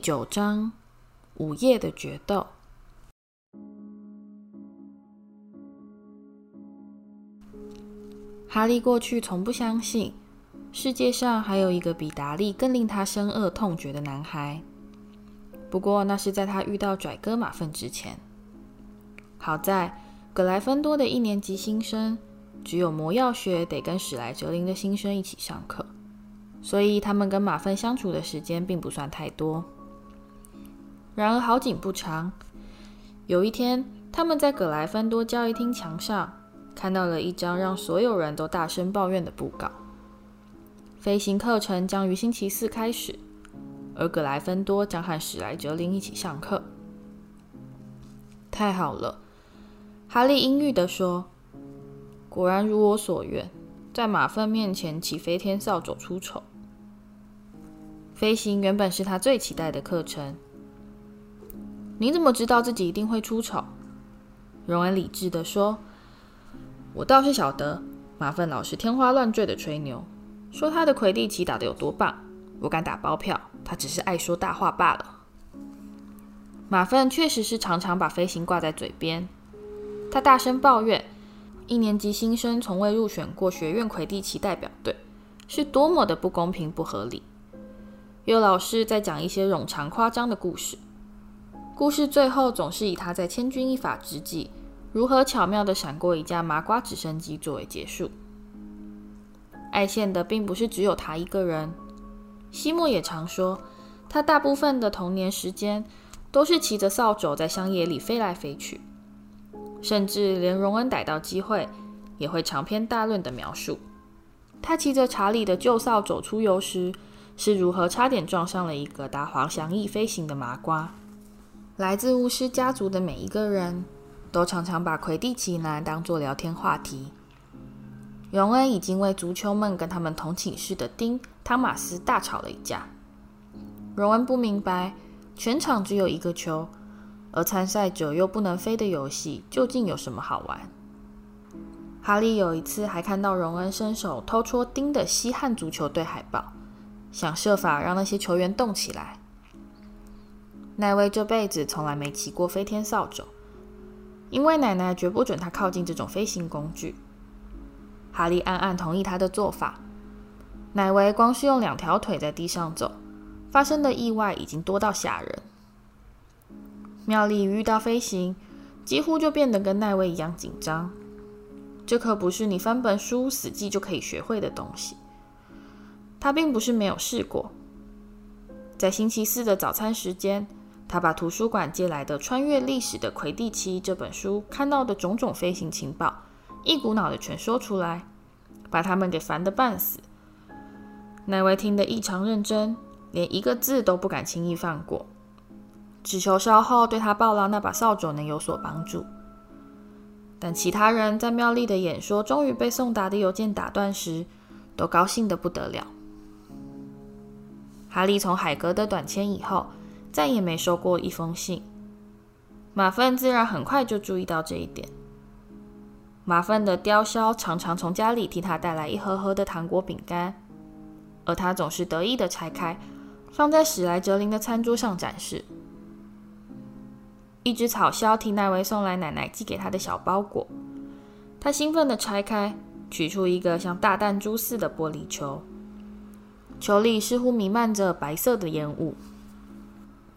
九章，午夜的決鬥。哈利過去從不相信世界上還有一個比達利更令他深惡痛絕的男孩。不過那是在他遇到跩哥馬份之前。好在葛萊芬多的一年級新生只有魔藥學得跟史萊哲林的新生一起上課，所以他們跟馬份相處的時間並不算太多。然而好景不長，有一天，他們在葛萊芬多交誼廳牆上看到了一張讓所有人都大聲抱怨的布告：飛行課程將於星期四開始，而葛萊芬多將和史萊哲林一起上課。太好了，哈利陰鬱地說：“果然如我所願，在馬份面前騎飛天掃帚出醜。”飛行原本是他最期待的課程。你怎麼知道自己一定會出醜？榮恩理智的說：“我倒是曉得，馬份老師天花亂墜的吹牛，說他的魁地奇打得有多棒。我敢打包票，他只是愛說大話罷了。”馬份確實是常常把飛行掛在嘴邊。他大聲抱怨：“一年級新生從未入選過學院魁地奇代表隊，是多麼的不公平不合理。”又老是在講一些冗長誇張的故事。故事最後總是以他在千鈞一髮之際如何巧妙的閃過一架麻瓜直升機作為結束。愛現的並不是只有他一個人，西莫也常說，他大部分的童年時間都是騎着掃帚在鄉野裡飛來飛去，甚至連榮恩逮到機會也會長篇大論的描述，他騎着查理的舊掃帚出遊時是如何差點撞上了一個搭滑翔翼飛行的麻瓜。來自巫師家族的每一個人都常常把魁地奇拿來當作聊天話題。榮恩已經為足球夢跟他們同寢室的丁·湯馬斯大吵了一架。榮恩不明白，全場只有一個球，而參賽者又不能飛的遊戲究竟有什麼好玩？哈利有一次還看到榮恩伸手偷戳丁的西漢足球隊海報，想設法讓那些球員動起來。奈威這輩子從來沒騎過飛天掃帚，因為奶奶絕不准他靠近這種飛行工具。哈利暗暗同意他的做法。奈威光是用兩條腿在地上走，發生的意外已經多到嚇人。妙麗遇到飛行，幾乎就變得跟奈威一樣緊張。這可不是你翻本書死記就可以學會的東西。她並不是沒有試過，在星期四的早餐時間。他把圖書館借來的《穿越歷史的魁地奇》這本書看到的種種飛行情報，一股腦的全說出來，把他們給煩得半死。奈威聽得異常認真，連一個字都不敢輕易放過，只求稍後對他暴拉那把掃帚能有所幫助。但其他人在妙麗的演說終於被送達的郵件打斷時，都高興得不得了。哈利從海格的短箋以後。再也沒收過一封信，馬份自然很快就注意到這一點。馬份的雕鴞常常從家裡替他帶來一盒盒的糖果餅乾，而他總是得意地拆開，放在史萊哲林的餐桌上展示。一隻草鴞替奈維送來奶奶寄給他的小包裹，他興奮地拆開，取出一個像大彈珠似的玻璃球，球裡似乎彌漫着白色的煙霧。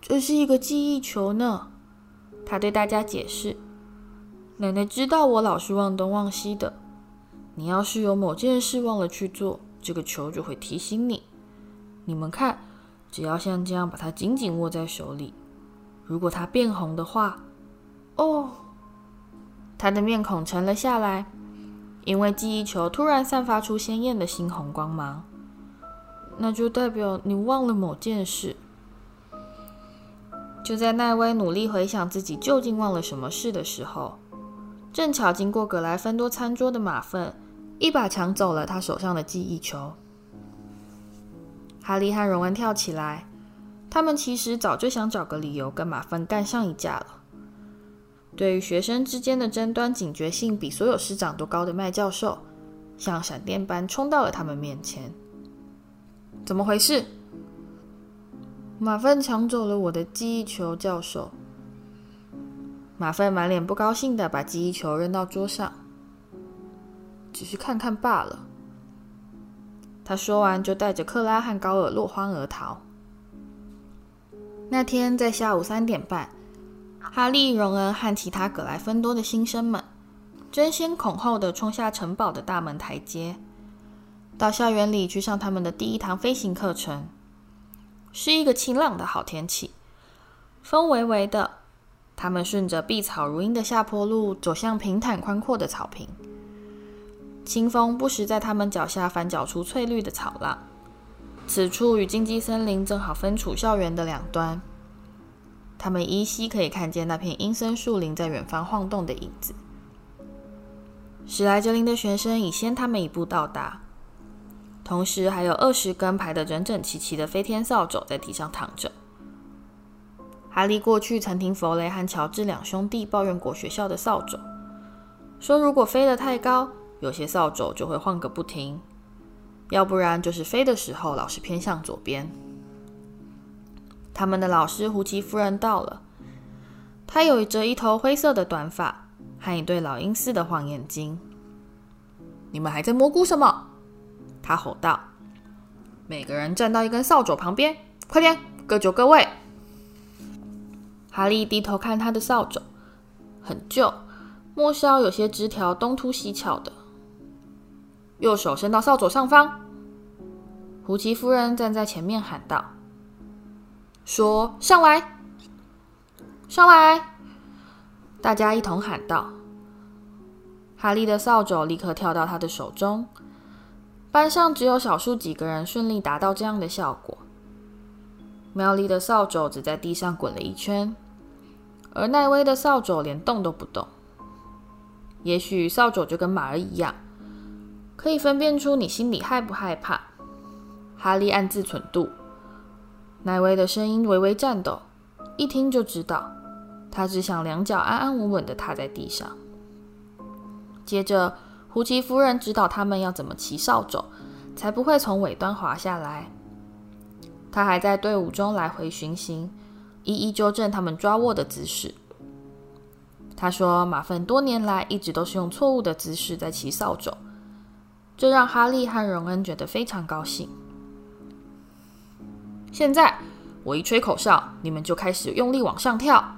這是一個記憶球呢，他對大家解釋：“奶奶知道我老是忘東忘西的。你要是有某件事忘了去做，這個球就會提醒你。你們看，只要像這樣把它緊緊握在手裡，如果它變紅的話，哦，他的面孔沉了下來，因為記憶球突然散發出鮮豔的猩紅光芒，那就代表你忘了某件事。”就在奈威努力回想自己究竟忘了什麼事的時候，正巧經過葛來分多餐桌的馬份一把搶走了他手上的記憶球。哈利和榮恩跳起來，他們其實早就想找個理由跟馬份幹上一架了。對於學生之間的爭端警覺性比所有師長都高的麥教授，像閃電般衝到了他們面前。怎麼回事？馬芬搶走了我的記憶球，教授。馬芬滿臉不高興的把記憶球扔到桌上，只是看看罷了。他說完就帶着克拉和高爾落荒而逃。那天在下午三點半，哈利、榮恩和其他葛萊芬多的新生們爭先恐後的衝下城堡的大門台階，到校園裡去上他們的第一堂飛行課程。是一個晴朗的好天氣，風微微的。他們順着碧草如茵的下坡路，走向平坦寬闊的草坪。清風不時在他們腳下翻攪出翠綠的草浪。此處與荊棘森林正好分處校園的兩端。他們依稀可以看見那片陰森樹林在遠方晃動的影子。史萊哲林的學生已先他們一步到達。同時，還有二十根排得整整齊齊的飛天掃帚在地上躺着。哈利過去曾聽弗雷和喬治兩兄弟抱怨過學校的掃帚，說如果飛得太高，有些掃帚就會晃個不停，要不然就是飛的時候老是偏向左邊。他們的老師胡奇夫人到了，她有着一頭灰色的短髮和一對老鷹似的黃眼睛。你們還在蘑菇什麼？他吼道：“每個人站到一根掃帚旁邊，快點，各就各位。”哈利低頭看他的掃帚，很舊，末梢有些枝條東突西翹的。右手伸到掃帚上方，胡奇夫人站在前面喊道：“說，上來，上來！”大家一同喊道。哈利的掃帚立刻跳到他的手中。班上只有少數幾個人順利達到這樣的效果。妙麗的掃帚只在地上滾了一圈，而奈威的掃帚連動都不動。也許掃帚就跟馬兒一樣，可以分辨出你心裡害不害怕。哈利暗自忖度，奈威的聲音微微顫抖，一聽就知道他只想兩腳安安穩穩地踏在地上。接着。胡奇夫人指導他們要怎麼騎掃帚，才不會從尾端滑下來。他還在隊伍中來回巡行，一一糾正他們抓握的姿勢。他說：“馬份多年來一直都是用錯誤的姿勢在騎掃帚。”這讓哈利和榮恩覺得非常高興。“現在，我一吹口哨，你們就開始用力往上跳。”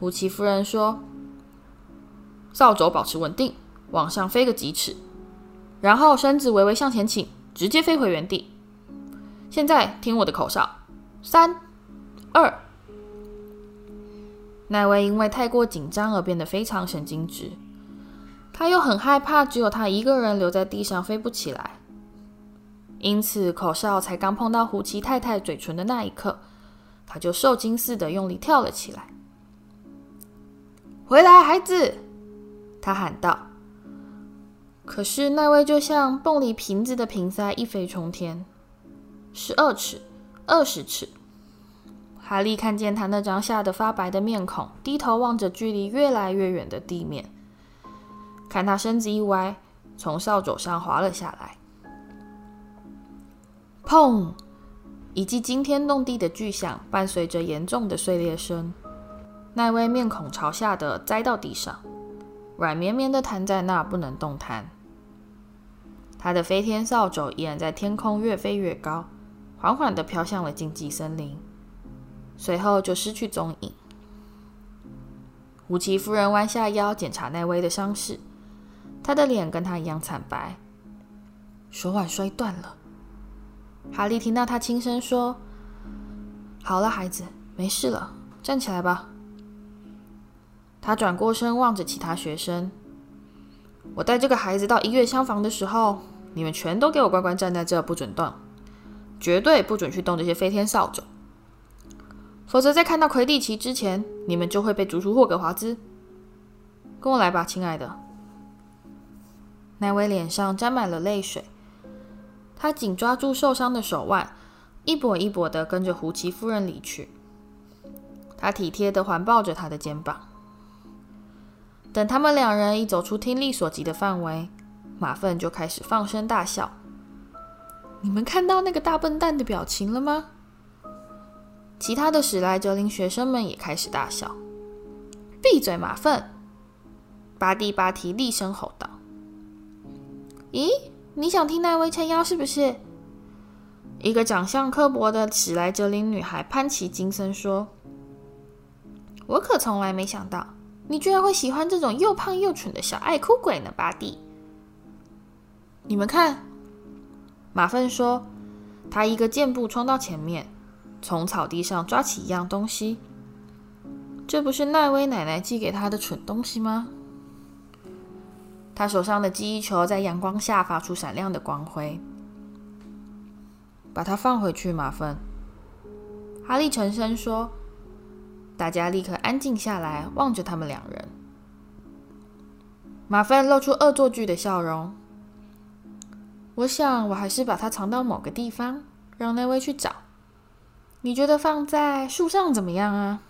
胡奇夫人說，“掃帚保持穩定。”往上飛個幾尺，然後身子微微向前傾，直接飛回原地。現在聽我的口哨，三、二。奈威因為太過緊張而變得非常神經質，他又很害怕只有他一個人留在地上飛不起來，因此口哨才剛碰到胡奇太太嘴唇的那一刻，他就受驚似的用力跳了起來。回來，孩子！他喊道。可是奈威就像蹦離瓶子的瓶塞，一飛沖天，十二尺，二十尺。哈利看見他那張嚇得發白的面孔，低頭望着距離越來越遠的地面，看他身子一歪，從掃帚上滑了下來。砰！一記驚天動地的巨響伴隨着嚴重的碎裂聲，奈威面孔朝下的栽到地上，軟綿綿的癱在那，不能動彈。他的飛天掃帚依然在天空越飛越高，緩緩地飄向了禁忌森林，隨後就失去蹤影。吳奇夫人彎下腰檢查奈威的傷勢，他的臉跟他一樣慘白，手腕摔斷了。哈利聽到他輕聲說：“好了，孩子，沒事了，站起來吧。”他轉過身望着其他學生：“我帶這個孩子到醫院廂房的時候。”你們全都給我乖乖站在這，不准動，絕對不准去動這些飛天掃帚，否則在看到魁地奇之前，你們就會被逐出霍格華茲。跟我來吧，親愛的。奈威臉上沾滿了淚水，他緊抓住受傷的手腕，一跛一跛的跟着胡奇夫人離去。他體貼的環抱着他的肩膀，等他們兩人一走出聽力所及的範圍。馬份就開始放聲大笑。你們看到那個大笨蛋的表情了嗎？其他的史萊哲林學生們也開始大笑。閉嘴馬，馬份！巴蒂·巴提厲聲吼道：“咦，你想聽奈威撐腰是不是？”一個長相刻薄的史萊哲林女孩潘奇·金森說：“我可從來沒想到，你居然會喜歡這種又胖又蠢的小愛哭鬼呢，巴蒂。”你們看，馬份說：“他一個箭步衝到前面，從草地上抓起一樣東西。這不是奈威奶奶寄給他的蠢東西嗎？”他手上的記憶球在陽光下發出閃亮的光輝。把它放回去，馬份。哈利沉聲說：“大家立刻安靜下來，望着他們兩人。”馬份露出惡作劇的笑容。我想，我還是把它藏到某個地方，讓那位去找。你覺得放在樹上怎麼樣啊？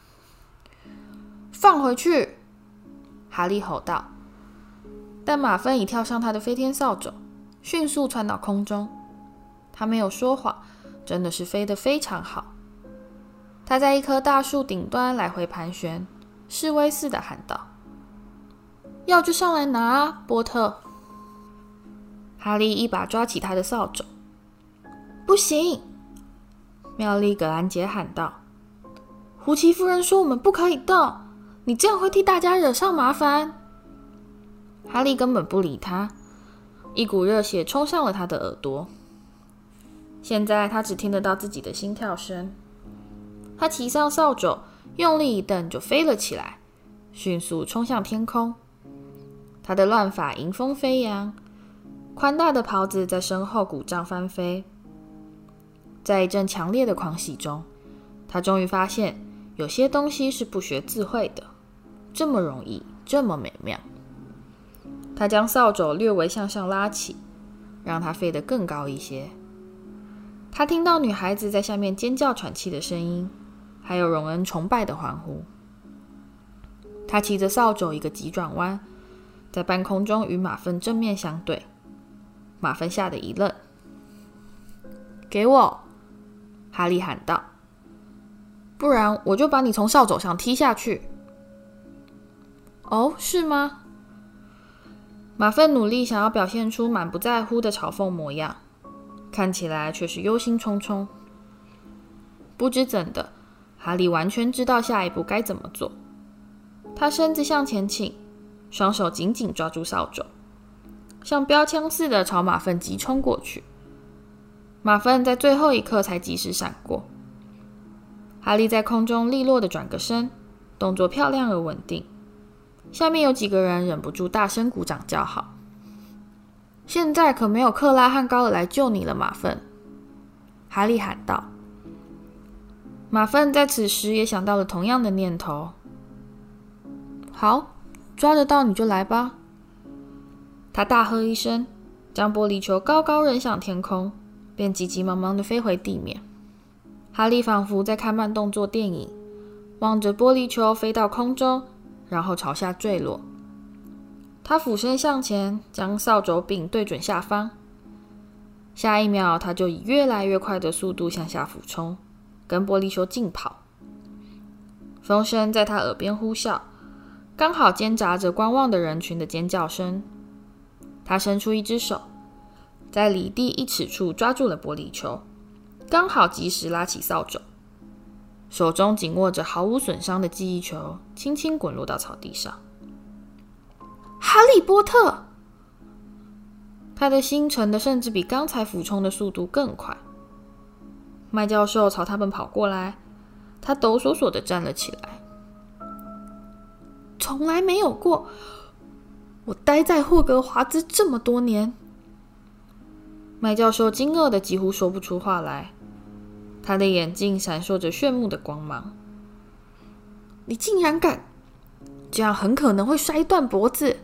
放回去！哈利吼道。但馬芬已跳上他的飛天掃帚，迅速竄到空中。他沒有說謊，真的是飛得非常好。他在一棵大樹頂端來回盤旋，示威似的喊道：“要就上來拿啊，波特！”哈利一把抓起他的掃帚，“不行！”妙麗·葛蘭傑喊道。“胡奇夫人說我們不可以動，你這樣會替大家惹上麻煩。”哈利根本不理他，一股熱血衝上了他的耳朵。現在他只聽得到自己的心跳聲。他騎上掃帚，用力一蹬，就飛了起來，迅速衝向天空。他的亂髮迎風飛揚。寬大的袍子在身後鼓脹翻飛，在一陣強烈的狂喜中，他終於發現有些東西是不學自會的，這麼容易，這麼美妙。他將掃帚略微向上拉起，讓它飛得更高一些。他聽到女孩子在下面尖叫喘氣的聲音，還有榮恩崇拜的歡呼。他騎着掃帚一個急轉彎，在半空中與馬份正面相對。馬芬嚇得一愣，“給我！”哈利喊道，“不然我就把你從掃帚上踢下去。”“哦，是嗎？”馬份努力想要表現出滿不在乎的嘲諷模樣，看起來卻是憂心忡忡。不知怎的，哈利完全知道下一步該怎麼做。他身子向前傾，雙手緊緊抓住掃帚。像標槍似的朝馬份疾衝過去，馬份在最後一刻才及時閃過。哈利在空中利落的轉個身，動作漂亮而穩定。下面有幾個人忍不住大聲鼓掌叫好。現在可沒有克拉和高爾來救你了，馬份！哈利喊道。馬份在此時也想到了同樣的念頭。好，抓得到你就來吧。他大喝一聲，將玻璃球高高扔向天空，便急急忙忙地飛回地面。哈利仿佛在看慢動作電影，望着玻璃球飛到空中，然後朝下墜落。他俯身向前，將掃帚柄,柄對準下方。下一秒，他就以越來越快的速度向下俯衝，跟玻璃球競跑。風聲在他耳邊呼嘯，剛好夾雜着觀望的人群的尖叫聲。他伸出一隻手，在離地一尺處抓住了玻璃球，剛好及時拉起掃帚，手中緊握着毫無損傷的記憶球，輕輕滾落到草地上。哈利波特！他的心沉得甚至比剛才俯衝的速度更快。麥教授朝他們跑過來，他抖索索地站了起來，從來沒有過。我待在霍格華茲這麼多年，麥教授驚愕的幾乎說不出話來，他的眼睛閃爍着炫目的光芒。你竟然敢！這樣很可能會摔斷脖子。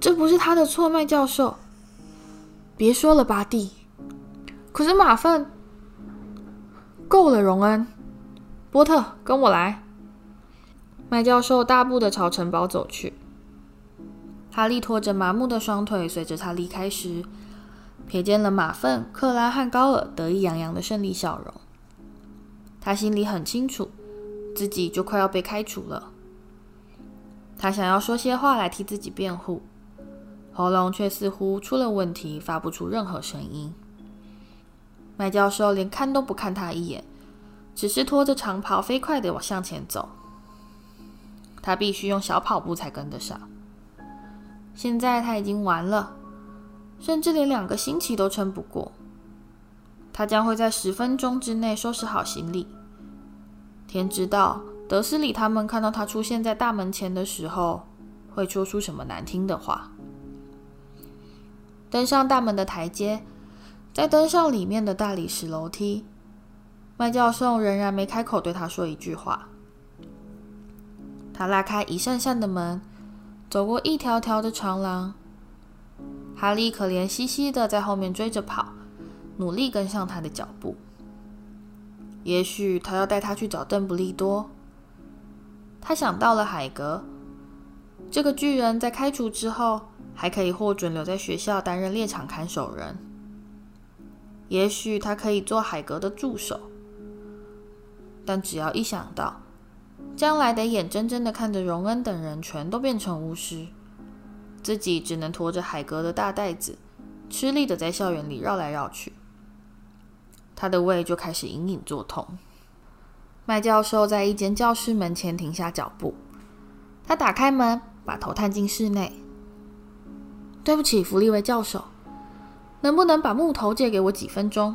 這不是他的錯，麥教授。別說了，巴蒂。可是馬份。夠了，榮恩。波特，跟我來。麥教授大步的朝城堡走去。哈利拖着麻木的雙腿，隨着他離開時，瞥見了馬份、克拉和高爾得意洋洋的勝利笑容。他心裡很清楚，自己就快要被開除了。他想要說些話來替自己辯護，喉嚨卻似乎出了問題，發不出任何聲音。麥教授連看都不看他一眼，只是拖着長袍飛快地往向前走。他必須用小跑步才跟得上。現在他已經完了，甚至連兩個星期都撐不過。他將會在十分鐘之內收拾好行李。天知道，德斯里他們看到他出現在大門前的時候會說出什麼難聽的話。登上大門的台階，再登上裡面的大理石樓梯，麥教授仍然沒開口對他說一句話。他拉開一扇扇的門。走過一條條的長廊，哈利可憐兮兮的在後面追着跑，努力跟上他的腳步。也許他要帶他去找鄧布利多。他想到了海格，這個巨人在開除之後還可以獲准留在學校擔任獵場看守人。也許他可以做海格的助手。但只要一想到……將來得眼睜睜地看着榮恩等人全都變成巫師，自己只能拖着海格的大袋子，吃力地在校園裡繞來繞去。他的胃就開始隱隱作痛。麥教授在一間教室門前停下腳步，他打開門，把頭探進室內。“對不起，弗利維教授，能不能把木頭借給我幾分鐘？”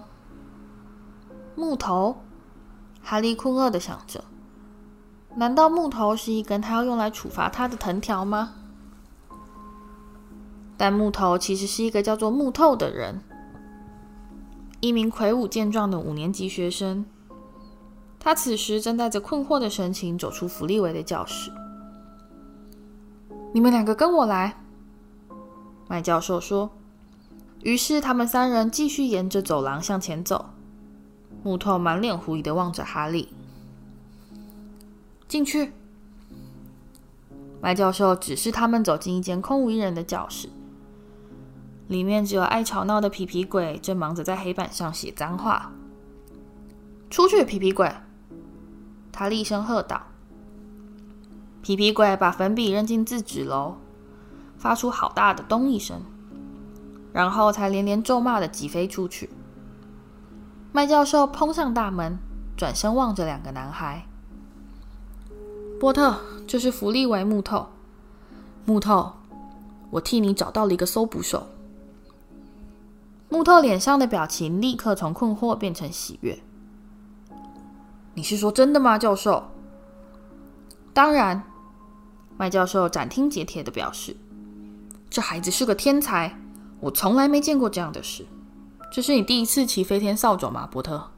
木頭，哈利困惑地想着。難道木頭是一根他要用來處罰他的藤條嗎？但木頭其實是一個叫做木頭的人，一名魁梧健壯的五年級學生。他此時正帶着困惑的神情走出弗利維的教室。你們兩個跟我來，麥教授說。於是他們三人繼續沿着走廊向前走。木頭滿臉狐疑的望着哈利。進去，麥教授指示他們走進一間空無一人的教室，裡面只有愛吵鬧的皮皮鬼正忙着在黑板上寫髒話。出去，皮皮鬼！他厲聲喝道。皮皮鬼把粉筆扔進字紙簍，發出好大的“咚”一聲，然後才連連咒罵地疾飛出去。麥教授砰上大門，轉身望着兩個男孩。波特，這、就是福利維木頭。木頭，我替你找到了一個搜捕手。木頭臉上的表情立刻從困惑變成喜悅。你是說真的嗎，教授？當然，麥教授斬釘截鐵地表示，這孩子是個天才，我從來沒見過這樣的事。這是你第一次騎飛天掃帚嗎，波特？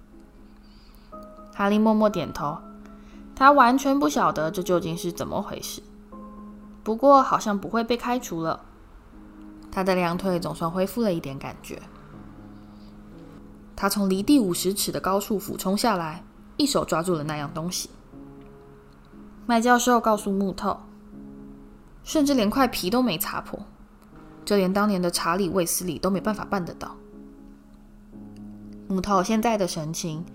哈利默默點頭。他完全不曉得這究竟是怎麼回事，不過好像不會被開除了。他的兩腿總算恢復了一點感覺，他從離地五十尺的高處俯衝下來，一手抓住了那樣東西。麥教授告訴木頭，甚至連塊皮都沒擦破，就連當年的查理·衛斯理都沒辦法辦得到。木頭現在的神情。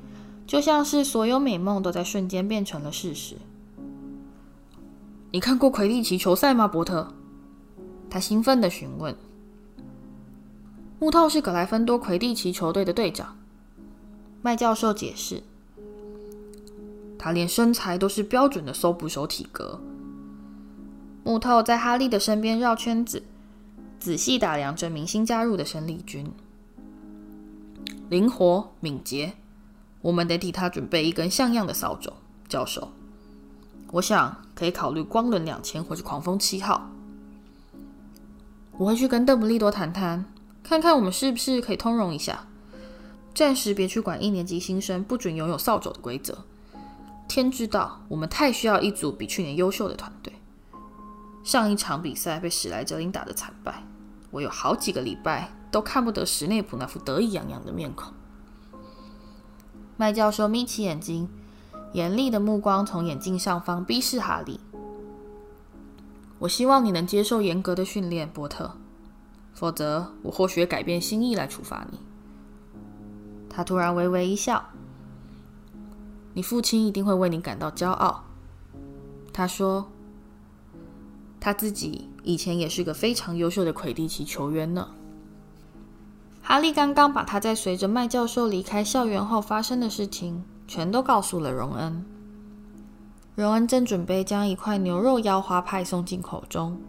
就像是所有美夢都在瞬間變成了事實。你看過魁地奇球賽嗎，波特？他興奮地詢問。木透是格萊芬多魁地奇球隊的隊長，麥教授解釋。他連身材都是標準的搜捕手體格。木透在哈利的身邊繞圈子，仔細打量着明星加入的生力軍，靈活敏捷。我們得替他準備一根像樣的掃帚，教授。我想可以考慮光輪兩千或者狂風七號。我會去跟鄧布利多談談，看看我們是不是可以通融一下。暫時別去管一年級新生不准擁有掃帚的規則。天知道，我們太需要一組比去年優秀的團隊。上一場比賽被史萊哲林打得慘敗，我有好幾個禮拜都看不得史內普那副得意洋洋的面孔。麥教授眯起眼睛，嚴厲的目光從眼鏡上方逼視哈利。我希望你能接受嚴格的訓練，波特。否則，我或許會改變心意來處罰你。他突然微微一笑：“你父親一定會為你感到驕傲。”他說：“他自己以前也是個非常優秀的魁地奇球員呢。”哈利剛剛把他在隨着麥教授離開校園後發生的事情全都告訴了榮恩。榮恩正準備將一塊牛肉腰花派送進口中，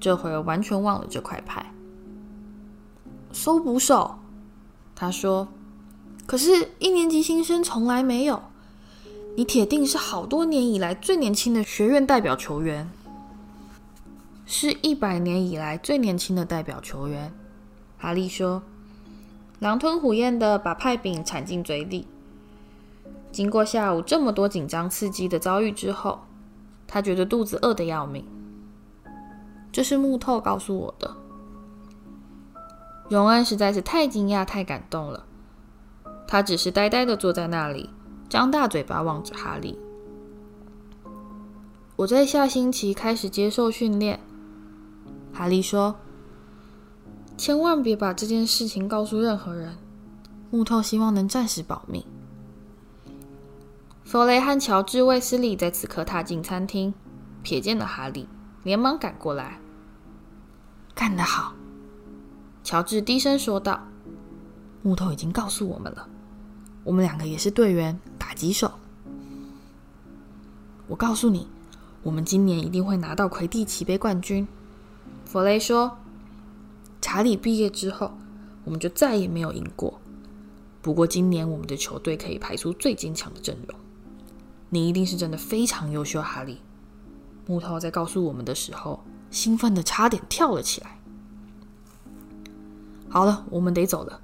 這會兒完全忘了這塊派。搜捕手，他說，可是一年級新生從來沒有，你鐵定是好多年以來最年輕的學院代表球員，是一百年以來最年輕的代表球員。哈利說：“狼吞虎嚥的把派餅鏟進嘴裡。經過下午這麼多緊張刺激的遭遇之後，他覺得肚子餓得要命。這是木頭告訴我的。”榮恩實在是太驚訝、太感動了，他只是呆呆的坐在那裡，張大嘴巴望着哈利。“我在下星期開始接受訓練。”哈利說。千萬別把這件事情告訴任何人。木頭希望能暫時保密。弗雷和喬治·衛斯理在此刻踏進餐廳，瞥見了哈利，連忙趕過來。幹得好，喬治低聲說道。木頭已經告訴我們了，我們兩個也是隊員，打擊手，我告訴你，我們今年一定會拿到魁地奇杯冠軍。弗雷說。查理畢業之後，我們就再也沒有贏過。不過今年我們的球隊可以排出最堅強的陣容。你一定是真的非常優秀，哈利。木頭在告訴我們的時候，興奮得差點跳了起來。好了，我們得走了。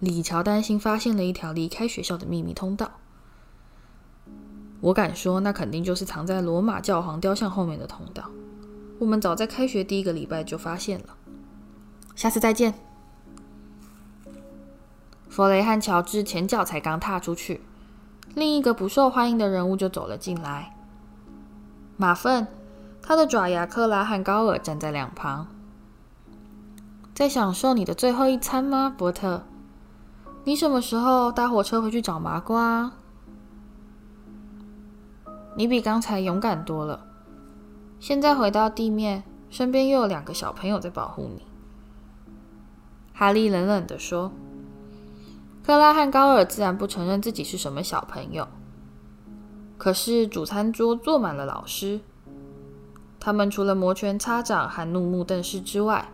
李喬丹新發現了一條離開學校的秘密通道。我敢說，那肯定就是藏在羅馬教皇雕像後面的通道。我們早在開學第一個禮拜就發現了。下次再見。弗雷和喬治前腳才剛踏出去，另一個不受歡迎的人物就走了進來。馬份，他的爪牙克拉和高爾站在兩旁。在享受你的最後一餐嗎，波特？你什麼時候搭火車回去找麻瓜？你比剛才勇敢多了。現在回到地面，身邊又有兩個小朋友在保護你。哈利冷冷地說：“克拉和高爾自然不承認自己是什麼小朋友。可是主餐桌坐滿了老師，他們除了摩拳擦掌和怒目瞪視之外，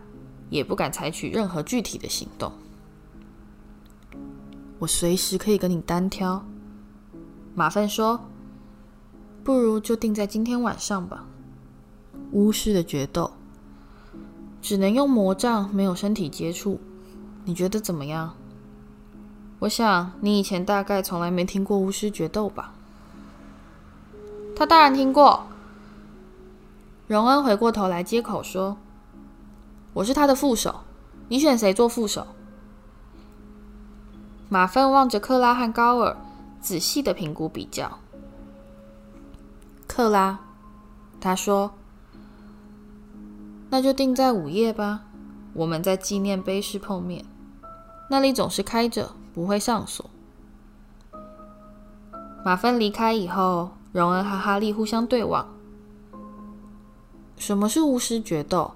也不敢採取任何具體的行動。我隨時可以跟你單挑。”馬份說：“不如就定在今天晚上吧。”巫師的決鬥只能用魔杖，沒有身體接觸。你覺得怎麼樣？我想你以前大概從來沒聽過巫師決鬥吧？他當然聽過。榮恩回過頭來接口說：“我是他的副手，你選誰做副手？”馬份望着克拉和高爾，仔細的評估比較。克拉，他說：“那就定在午夜吧，我們在紀念碑室碰面。”那裡總是開着，不會上鎖。馬芬離開以後，榮恩和哈利互相對望。“什麼是巫師決鬥？”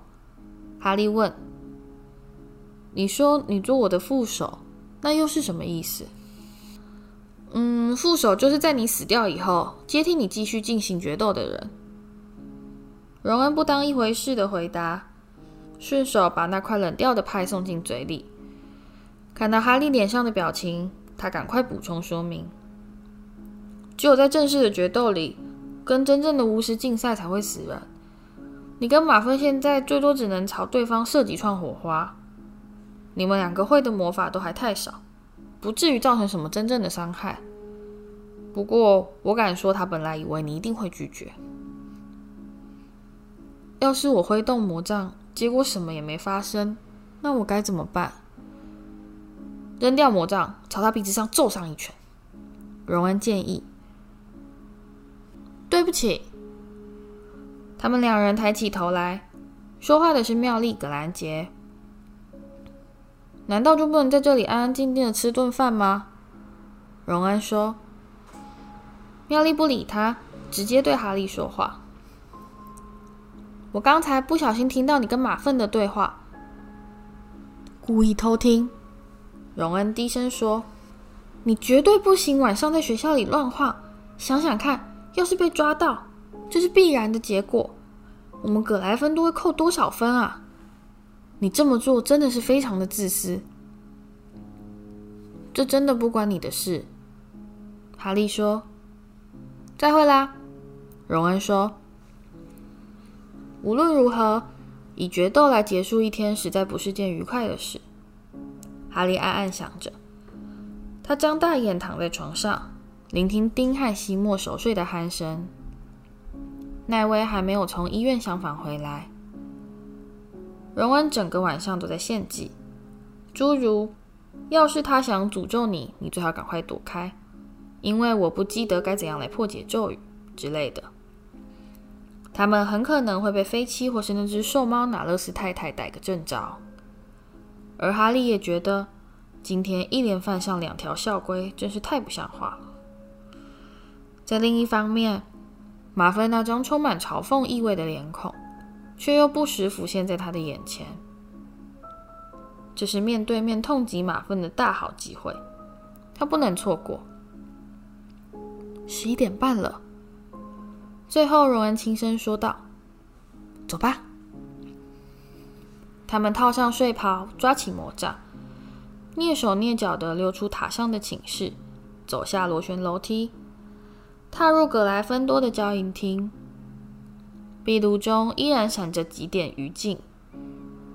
哈利問。“你說你做我的副手，那又是什麼意思？”“嗯，副手就是在你死掉以後，接替你繼續進行決鬥的人。”榮恩不當一回事的回答，順手把那塊冷掉的派送進嘴裡。看到哈利臉上的表情，他趕快補充說明：“只有在正式的決鬥裡，跟真正的巫師競賽才會死人。你跟馬芬現在最多只能朝對方射幾串火花，你們兩個會的魔法都還太少，不至於造成什麼真正的傷害。不過，我敢說，他本來以為你一定會拒絕。要是我揮動魔杖，結果什麼也沒發生，那我該怎麼辦？”扔掉魔杖，朝他鼻子上揍上一拳。榮恩建議：“對不起。”他們兩人抬起頭來，說話的是妙麗·葛蘭傑。難道就不能在這裡安安靜靜地吃頓飯嗎？榮恩說。妙麗不理他，直接對哈利說話：“我剛才不小心聽到你跟馬份的對話，故意偷聽。”榮恩低聲說：“你絕對不行，晚上在學校裡亂晃。想想看，要是被抓到，這是必然的結果。我們葛萊芬多會扣多少分啊？你這麼做真的是非常的自私。這真的不關你的事。”哈利說：“再會啦。”榮恩說：“無論如何，以決鬥來結束一天，實在不是件愉快的事。”哈利暗暗想着，他張大眼躺在床上，聆聽丁和西莫熟睡的鼾聲。奈威還沒有從醫院廂返回來。榮恩整個晚上都在獻計，諸如“要是他想詛咒你，你最好趕快躲開，因為我不記得該怎樣來破解咒語”之類的。他們很可能會被飛七或是那隻瘦貓拿樂絲太太逮個正着。而哈利也覺得，今天一連犯上兩條校規，真是太不像話了。在另一方面，馬份那張充滿嘲諷意味的臉孔，卻又不時浮現在他的眼前。這是面對面痛擊馬份的大好機會，他不能錯過。十一點半了，最後榮恩輕聲說道：“走吧。”他們套上睡袍，抓起魔杖，躡手躡腳地溜出塔上的寢室，走下螺旋樓梯，踏入葛萊芬多的交誼廳。壁爐中依然閃着幾點餘燼，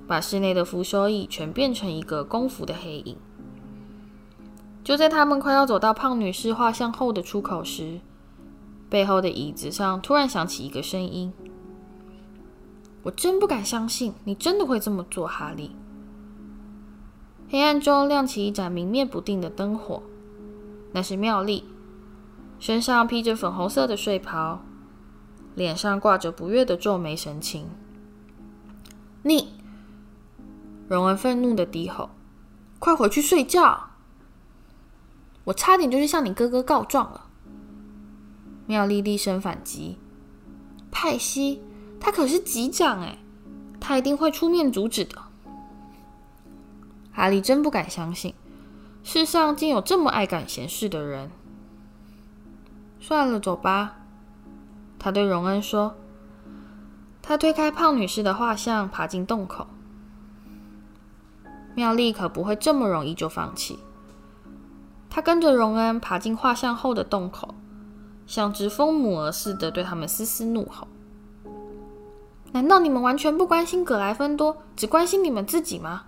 把室內的扶手椅全變成一個弓伏的黑影。就在他們快要走到胖女士畫像後的出口時，背後的椅子上突然響起一個聲音。我真不敢相信，你真的會這麼做，哈利。黑暗中亮起一盞明滅不定的燈火，那是妙麗，身上披着粉紅色的睡袍，臉上掛着不悅的皺眉神情。你，榮恩憤怒地低吼：“快回去睡覺！”我差點就去向你哥哥告狀了。妙麗厲聲反擊：“派西。”他可是級長哎，他一定會出面阻止的。哈利真不敢相信，世上竟有這麼愛管閒事的人。算了，走吧。他對榮恩說。他推開胖女士的畫像，爬進洞口。妙麗可不會這麼容易就放棄。他跟着榮恩爬進畫像後的洞口，像隻瘋母鵝似的對他們嘶嘶怒吼。難道你們完全不關心葛萊芬多，只關心你們自己嗎？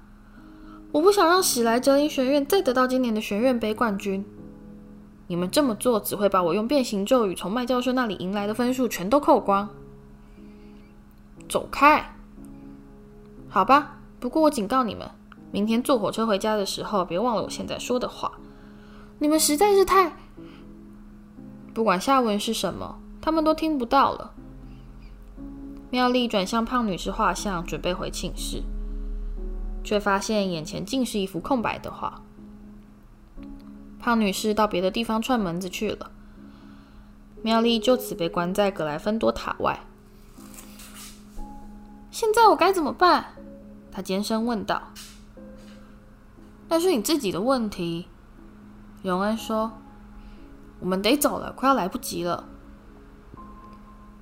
我不想讓史萊哲林學院再得到今年的學院盃冠軍。你們這麼做只會把我用變形咒語從麥教授那裡贏來的分數全都扣光。走開。好吧，不過我警告你們，明天坐火車回家的時候別忘了我現在說的話。你們實在是太……不管下文是什麼，他們都聽不到了。妙麗轉向胖女士畫像，準備回寢室，卻發現眼前竟是一幅空白的畫。胖女士到別的地方串門子去了。妙麗就此被關在格萊芬多塔外。現在我該怎麼辦？她尖聲問道。“那是你自己的問題。”榮恩說，“我們得走了，快要來不及了。”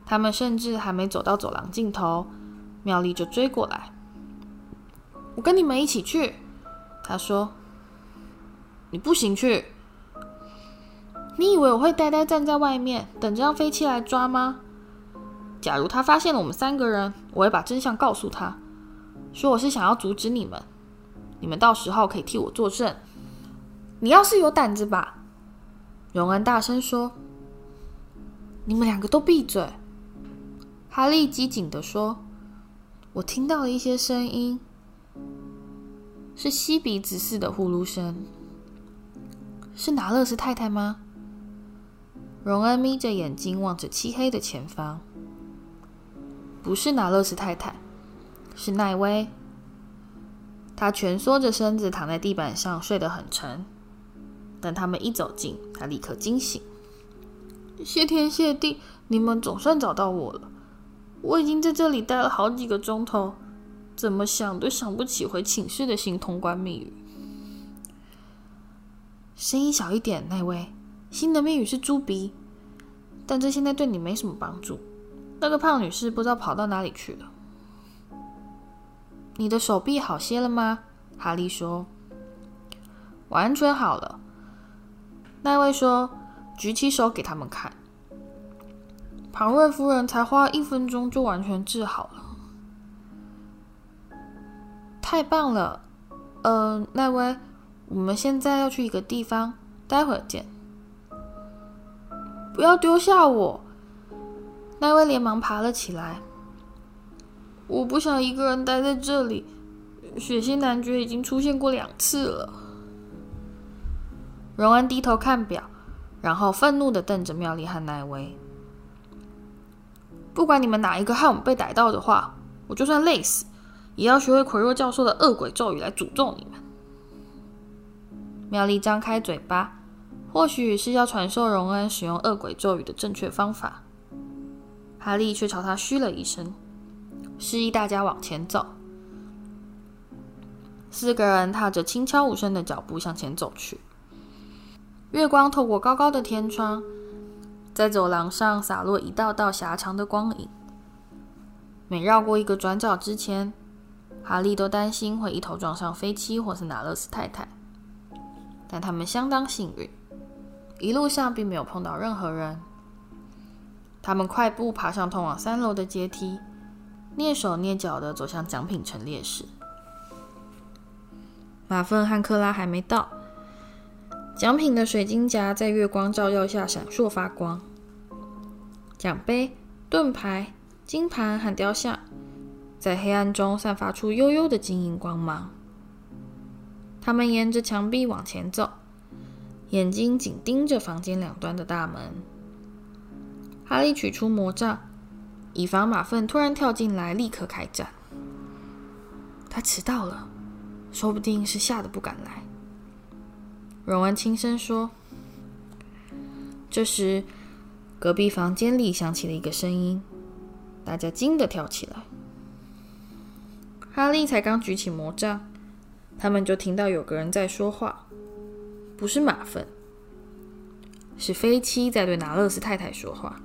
他們甚至還沒走到走廊盡頭，妙麗就追過來。我跟你們一起去，她說：“你不行去。你以為我會呆呆站在外面，等着讓飛七來抓嗎？假如他發現了我們三個人，我會把真相告訴他，說我是想要阻止你們。你們到時候可以替我作證。你要是有膽子吧。”榮恩大聲說：“你們兩個都閉嘴！”哈利機警的說：“我聽到了一些聲音，是吸鼻子似的呼嚕聲。是拿樂絲太太嗎？”榮恩眯着眼睛望着漆黑的前方。“不是拿樂絲太太，是奈威。”他蜷縮着身子躺在地板上，睡得很沉。等他們一走近，他立刻驚醒。“謝天謝地，你們總算找到我了。”我已經在這裡待了好幾個鐘頭，怎麼想都想不起回寢室的新通關密語。聲音小一點，那位，新的密語是豬鼻，但這現在對你沒什麼幫助。那個胖女士不知道跑到哪裡去了。你的手臂好些了嗎？哈利說：“完全好了。”那位說：“舉起手給他們看。”龐瑞夫人才花一分鐘就完全治好了，太棒了！嗯、呃，奈威，我們現在要去一個地方，待會兒見。不要丟下我！奈威連忙爬了起來，我不想一個人待在這裡。血腥男爵已經出現過兩次了。榮恩低頭看表，然後憤怒的瞪着妙麗和奈威。不管你們哪一個害我們被逮到的話，我就算累死，也要學會奎若教授的惡鬼咒語來詛咒你們。妙麗張開嘴巴，或許是要傳授榮恩使用惡鬼咒語的正確方法。哈利卻朝他噓了一聲，示意大家往前走。四個人踏着輕悄無聲的腳步向前走去。月光透過高高的天窗，在走廊上灑落一道道狹長的光影。每繞過一個轉角之前，哈利都擔心會一頭撞上飛七或是拿樂絲太太，但他們相當幸運，一路上並沒有碰到任何人。他們快步爬上通往三樓的階梯，躡手躡腳的走向獎品陳列室。馬份和克拉還沒到。獎品的水晶夾在月光照耀下閃爍發光，獎杯、盾牌、金盤和雕像在黑暗中散發出幽幽的晶瑩光芒。他們沿着牆壁往前走，眼睛緊盯着房間兩端的大門。哈利取出魔杖，以防馬份突然跳進來，立刻開戰。他遲到了，說不定是嚇得不敢來。榮恩輕聲說：“這時，隔壁房間裡響起了一個聲音，大家驚得跳起來。哈利才剛舉起魔杖，他們就聽到有個人在說話，不是馬份，是飛七在對拿樂絲太太說話。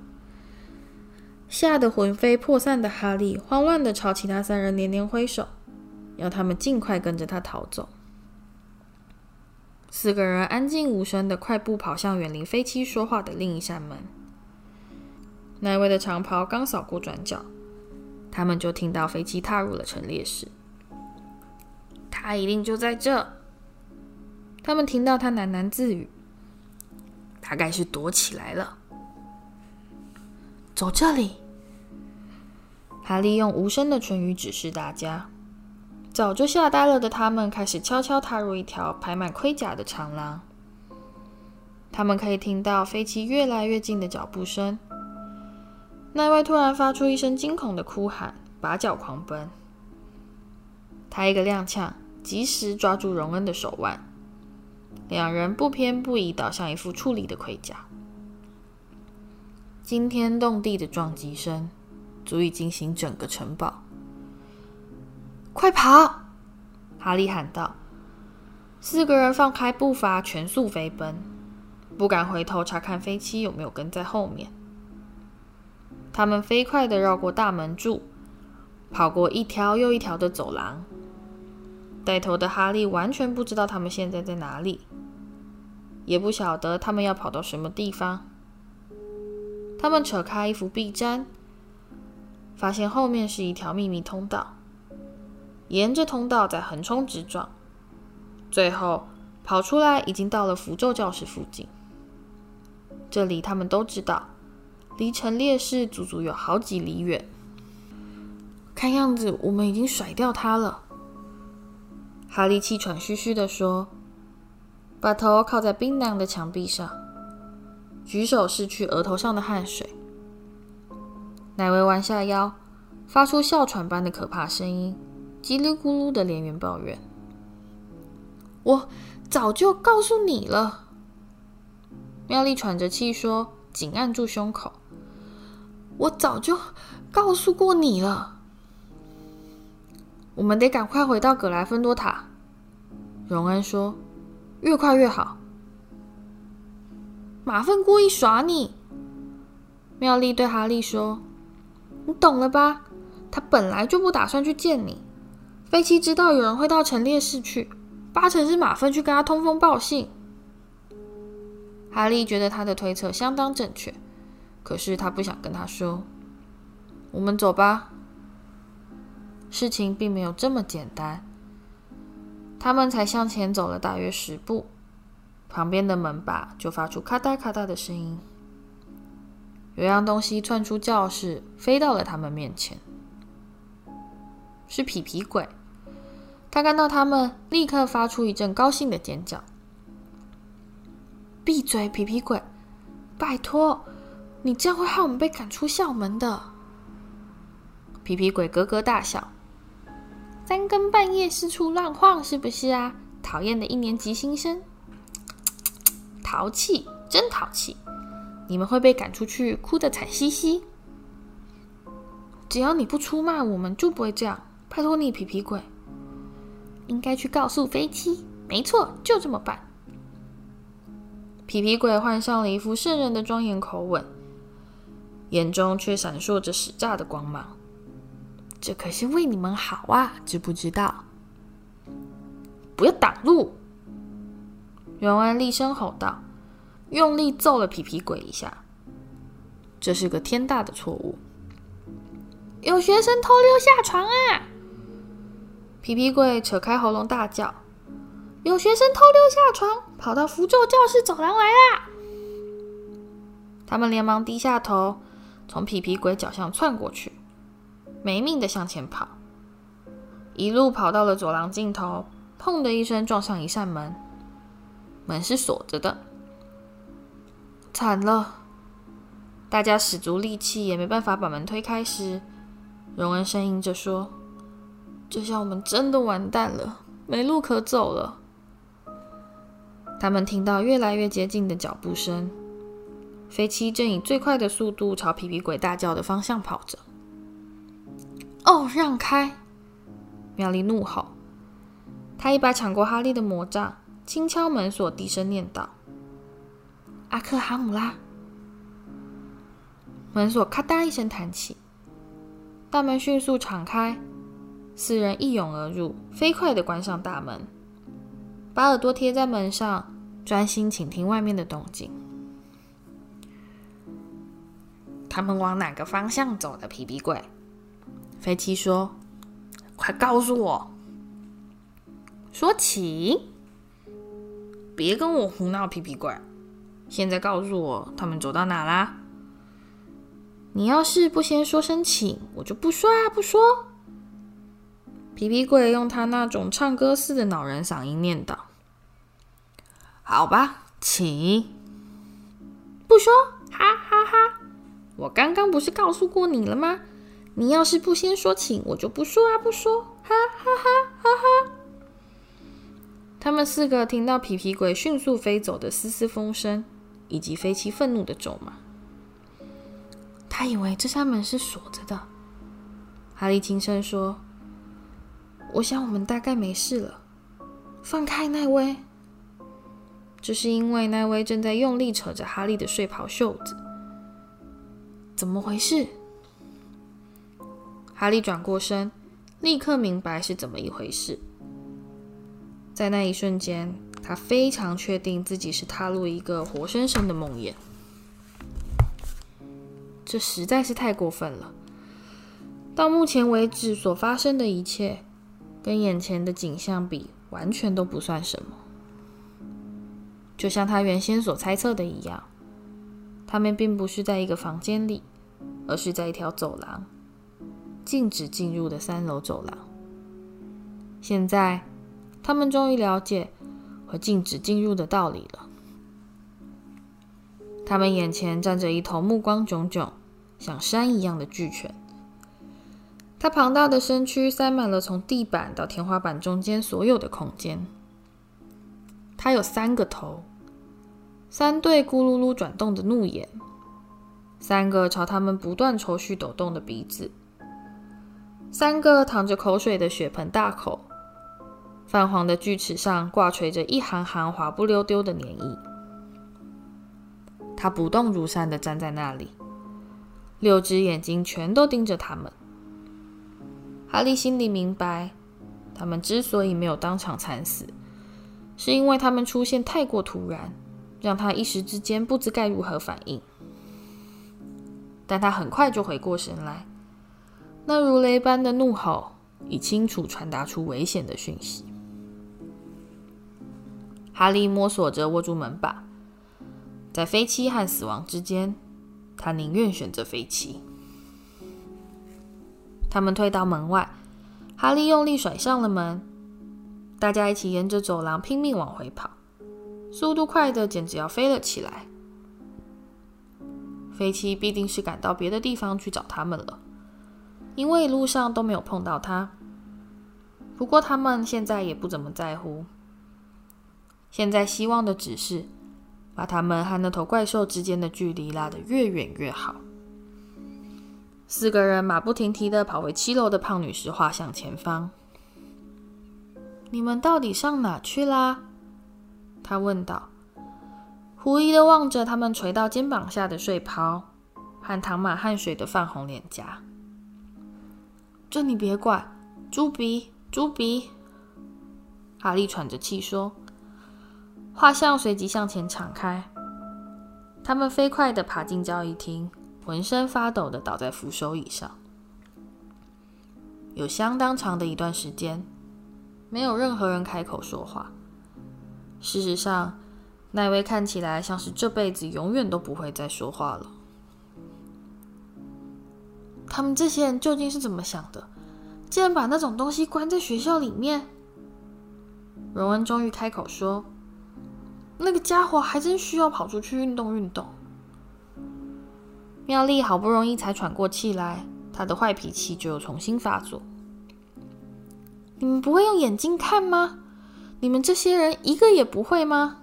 嚇得魂飛魄散的哈利，慌亂的朝其他三人連連揮手，要他們儘快跟着他逃走。”四個人安靜無聲的快步跑向遠離飛七說話的另一扇門。那位的長袍剛掃過轉角，他們就聽到飛七踏入了陳列室。他一定就在這。他們聽到他喃喃自語：“大概是躲起來了。”走這裡。他利用無聲的唇語指示大家。早就嚇呆了的他們開始悄悄踏入一條排滿盔甲的長廊。他們可以聽到飛七越來越近的腳步聲。奈威突然發出一聲驚恐的哭喊，拔腳狂奔。他一個踉蹌，及時抓住榮恩的手腕，兩人不偏不倚倒向一副矗立的盔甲。驚天動地的撞擊聲足以驚醒整個城堡。快跑！哈利喊道。四個人放開步伐，全速飛奔，不敢回頭查看飛七有沒有跟在後面。他們飛快地繞過大門柱，跑過一條又一條的走廊。帶頭的哈利完全不知道他們現在在哪裡，也不曉得他們要跑到什麼地方。他們扯開一幅壁毯，發現後面是一條秘密通道。沿着通道在橫衝直撞，最後跑出來，已經到了符咒教室附近。這裡他們都知道，離陳列室足足有好幾里遠。看樣子我們已經甩掉他了，哈利氣喘吁吁地說，把頭靠在冰涼的牆壁上，舉手拭去額頭上的汗水。奈威彎下腰，發出哮喘般的可怕聲音。嘰里咕嚕的，連連抱怨：“我早就告訴你了。”妙麗喘着氣說：“緊按住胸口，我早就告訴過你了。我們得趕快回到葛萊芬多塔。”榮恩說：“越快越好。”馬份故意耍你，妙麗對哈利說：“你懂了吧？他本來就不打算去見你。”飛七知道有人會到陳列室去，八成是馬份去跟他通風報信。哈利覺得他的推測相當正確，可是他不想跟他說。我們走吧。事情並沒有這麼簡單。他們才向前走了大約十步，旁邊的門把就發出咔嗒咔嗒的聲音，有樣東西竄出教室，飛到了他們面前，是皮皮鬼。他看到他們，立刻發出一陣高興的尖叫。“閉嘴，皮皮鬼！拜托，你這樣會害我們被趕出校門的。”皮皮鬼咯咯大笑：“三更半夜四處亂晃，是不是啊？討厭的一年級新生，淘氣，真淘氣！你們會被趕出去，哭得慘兮兮。只要你不出賣我們，就不會這樣。拜托你，皮皮鬼。”應該去告訴飛七，沒錯，就這麼辦。皮皮鬼換上了一副聖人的莊嚴口吻，眼中卻閃爍着使詐的光芒。這可是為你們好啊，知不知道？不要擋路！榮恩厲聲吼道，用力揍了皮皮鬼一下。這是個天大的錯誤！有學生偷溜下床啊！皮皮鬼扯開喉嚨大叫：“有學生偷溜下床，跑到符咒教室走廊來啦！”他們連忙低下頭，從皮皮鬼腳下竄過去，沒命的向前跑，一路跑到了走廊盡頭，砰的一聲撞上一扇門，門是鎖着的，慘了！大家使足力氣也沒辦法把門推開時，榮恩呻吟着說。這下我們真的完蛋了，沒路可走了。他們聽到越來越接近的腳步聲，飛七正以最快的速度朝皮皮鬼大叫的方向跑着。哦，讓開！妙麗怒吼，她一把搶過哈利的魔杖，輕敲門鎖，低聲念道：“阿克哈姆拉。”門鎖咔嗒一聲彈起，大門迅速敞開。四人一擁而入，飛快的關上大門，把耳朵貼在門上，專心傾聽外面的動靜。他們往哪個方向走的？皮皮鬼，費爾奇說：“快告訴我！”說請，別跟我胡鬧，皮皮鬼，現在告訴我他們走到哪啦？你要是不先說聲請，我就不說啊，不說。皮皮鬼用他那種唱歌似的惱人嗓音念叨：“好吧，請，不說，哈哈哈哈！我剛剛不是告訴過你了嗎？你要是不先說請，我就不說啊，不說，哈哈哈哈哈哈！”他們四個聽到皮皮鬼迅速飛走的嘶嘶風聲，以及飛機憤怒的咒罵。他以為這扇門是鎖着的。哈利輕聲說。我想我們大概沒事了。放開奈威！這是因為奈威正在用力扯着哈利的睡袍袖子。怎麼回事？哈利轉過身，立刻明白是怎麼一回事。在那一瞬間，他非常確定自己是踏入一個活生生的夢魘。這實在是太過分了！到目前為止所發生的一切跟眼前的景象比，完全都不算什麼。就像他原先所猜測的一樣，他們並不是在一個房間裡，而是在一條走廊，禁止進入的三樓走廊。現在，他們終於了解和禁止進入的道理了。他們眼前站着一頭目光炯炯、像山一樣的巨犬。它龐大的身軀塞滿了從地板到天花板中間所有的空間。它有三個頭，三對咕嚕嚕轉動的怒眼，三個朝他們不斷抽搐抖動的鼻子，三個淌着口水的血盆大口，泛黃的鋸齒上掛垂着一行行滑不溜丟的粘液。它不動如山地站在那裡，六只眼睛全都盯着他們。哈利心裡明白，他們之所以沒有當場慘死，是因為他們出現太過突然，讓他一時之間不知該如何反應。但他很快就回過神來，那如雷般的怒吼已清楚傳達出危險的訊息。哈利摸索着握住門把，在飛七和死亡之間，他寧願選擇飛七。他們退到門外，哈利用力甩上了門。大家一起沿着走廊拼命往回跑，速度快的簡直要飛了起來。飛七必定是趕到別的地方去找他們了，因為一路上都沒有碰到他。不過他們現在也不怎麼在乎。現在希望的只是把他們和那頭怪獸之間的距離拉得越遠越好。四個人馬不停蹄的跑回七樓的胖女士畫像前方。“你們到底上哪去啦？”她問道，狐疑的望着他們垂到肩膀下的睡袍和淌滿汗水的泛紅臉頰。“這你別管。”豬鼻，豬鼻，哈利喘着氣說。畫像隨即向前敞開，他們飛快的爬進交誼廳。渾身發抖的倒在扶手椅上，有相當長的一段時間，沒有任何人開口說話。事實上，奈威看起來像是這輩子永遠都不會再說話了。他們這些人究竟是怎麼想的？竟然把那種東西關在學校裡面？榮恩終於開口說：“那個家伙還真需要跑出去運動運動。”妙麗好不容易才喘過氣來，她的壞脾氣就又重新發作。你們不會用眼睛看嗎？你們這些人一個也不會嗎？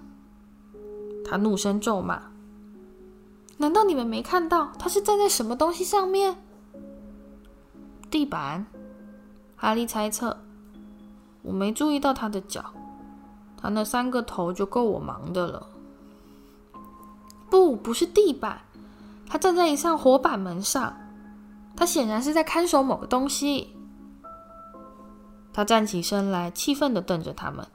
她怒聲咒罵。難道你們沒看到他是站在什麼東西上面？地板？哈利猜測。我沒注意到他的腳，他那三個頭就夠我忙的了。不，不是地板。他站在一扇火板門上，他顯然是在看守某個東西。他站起身來，氣憤地瞪着他們。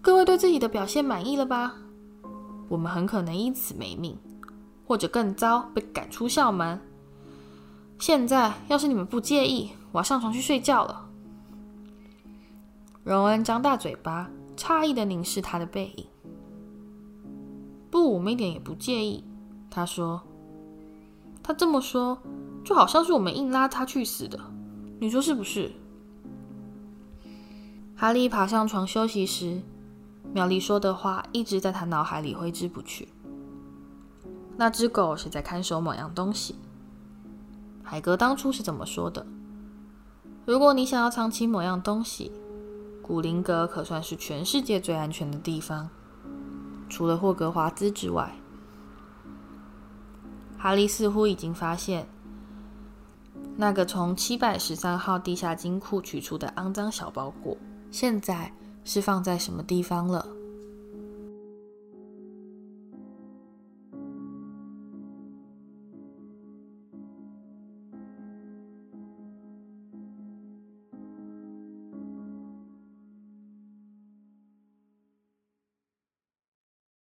各位對自己的表現滿意了吧？我們很可能因此沒命，或者更糟，被趕出校門。現在，要是你們不介意，我要上床去睡覺了。榮恩張大嘴巴，詫異的凝視他的背影。不，我們一點也不介意。他說，他這麼說就好像是我們硬拉他去死的。你說是不是？哈利爬上床休息時，妙麗說的話一直在他腦海裡揮之不去。那隻狗是在看守某樣東西。海格當初是怎麼說的？如果你想要藏起某樣東西，古靈閣可算是全世界最安全的地方。除了霍格華茲之外，哈利似乎已經發現那個從七百十三號地下金庫取出的骯髒小包裹，現在是放在什麼地方了？